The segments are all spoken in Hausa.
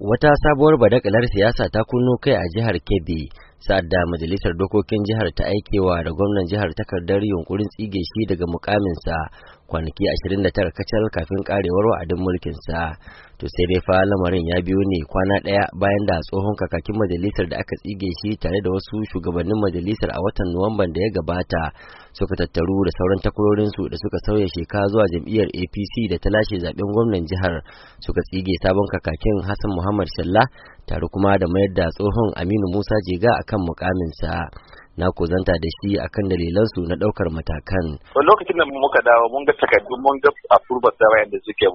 Wata sabuwar badakalar siyasa ta kunno kai a jihar Kebbi, sa'adda majalisar dokokin jihar ta aikewa da gwamnan jihar takardar yunkurin tsige shi daga mukaminsa kwanaki 29 kacal kafin karewar wa'adin sa to sai dai fa lamarin ya biyo ne kwana ɗaya bayan da tsohon kakakin majalisar da aka tsige shi tare da wasu shugabannin majalisar a watan nuwamban da ya gabata suka tattaru da sauran takwarorinsu da suka sauya sheka zuwa jam'iyyar apc da ta lashe zaben gwamnan jihar suka tsige sabon kakakin hassan muhammad shalla tare kuma da mayar da tsohon aminu musa jega akan mukamin sa. na kuzanta da shi akan dalilansu na daukar matakan. lokacin da muka dawo mun ga takardu mun ga approval da wayan da suke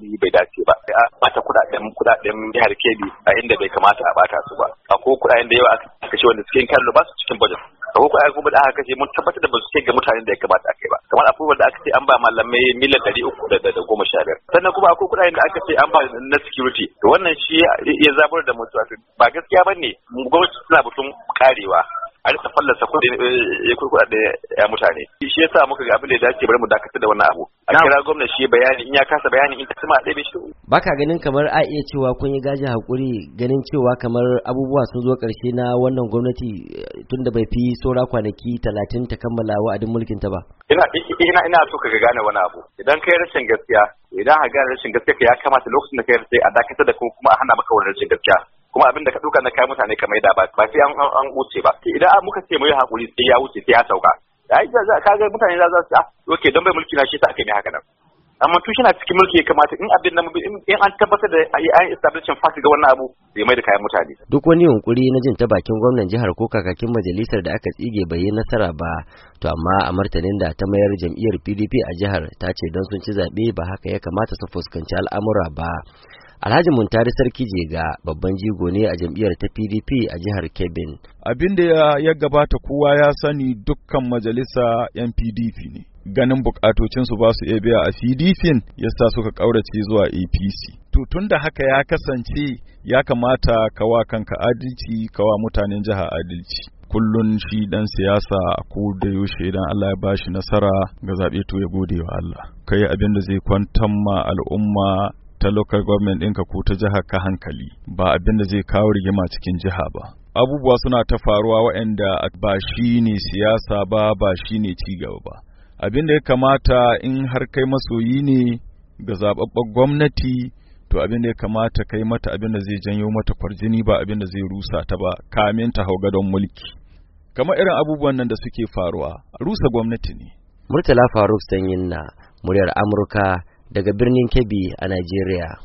ni bai dace ba a bata kudaden kudaden jihar Kebbi a inda bai kamata a bata su ba akwai kudaden da yawa aka kashe wanda suke kallo ba su cikin budget akwai kudaden kuma da aka kashe mun tabbatar da ba su kai ga mutanen da ya kamata a kai ba kamar approval da aka ce an ba malamai miliyan ɗari uku da goma sha biyar sannan kuma akwai kudaden da aka ce an ba na security wannan shi ya zabar da mutuwa ba gaskiya ba ne gwamnati suna butun karewa a rika fallasa eh, ya kurkuɗa da ya mutane shi yasa muka ga abin da ya dace bari mu dakatar da wannan abu a kira gwamnati shi bayani in ya kasa bayani in ta sama ɗaya shi baka ganin kamar a iya cewa kun yi gaji hakuri ganin cewa kamar abubuwa sun zo ƙarshe na wannan gwamnati eh, tunda bai fi saura kwanaki talatin ta kammala wa'adin mulkin ta ba ina ina ina so ka gane wani abu idan kai rashin gaskiya idan ka gane rashin gaskiya ya kamata lokacin da kai sai a dakatar da kuma a hana maka wannan rashin gaskiya kuma abin da ka ɗauka na kai mutane kamar maida ba ba sai an wuce ba idan muka ce mu yi hakuri sai ya wuce sai ya sauka ai ka ga mutane za su a? Ah, okay don bai mulki na shi sa aka yi haka nan amma tushe na cikin mulki ya kamata in abin nan in an tabbatar da an establishing fact ga wannan abu bai mai da kayan mutane duk wani yunkuri na jin ta bakin gwamnan jihar ko kakakin majalisar da aka tsige bai yi nasara ba to amma a martanin da ta mayar jam'iyyar PDP a jihar ta ce don sun ci zabe ba haka ya kamata su fuskanci al'amura ba Alhaji Muntari Sarki Jega babban jigo ne a jam'iyyar ta PDP a jihar Kebbin. Abin da ya gabata kowa ya sani dukkan majalisa 'yan PDP ne. Ganin bukatocinsu ba su iya biya a PDP ya sa suka ƙaurace zuwa APC. To tun da haka ya kasance ya kamata kawa kanka adalci kawa mutanen jiha adalci. kullun shi dan siyasa ko da yaushe idan Allah ya bashi nasara ga zaɓe to ya gode wa Allah kai abin da zai kwantar ma al'umma ta local government ɗinka ko ta jihar ka hankali ba abin zai kawo rigima cikin jiha ba abubuwa suna ta faruwa waɗanda ba shi ne siyasa ba ba shi ne cigaba ba Abinda ya kamata in har kai masoyi ne ga zababben gwamnati to abin ya kamata kai mata abin zai janyo mata kwarjini ba abin zai rusa ta ba kamin ta hau gadon mulki kamar irin abubuwan nan da suke faruwa rusa gwamnati ne murtala faruk sanyin na muryar amurka daga birnin Kebbi a Najeriya.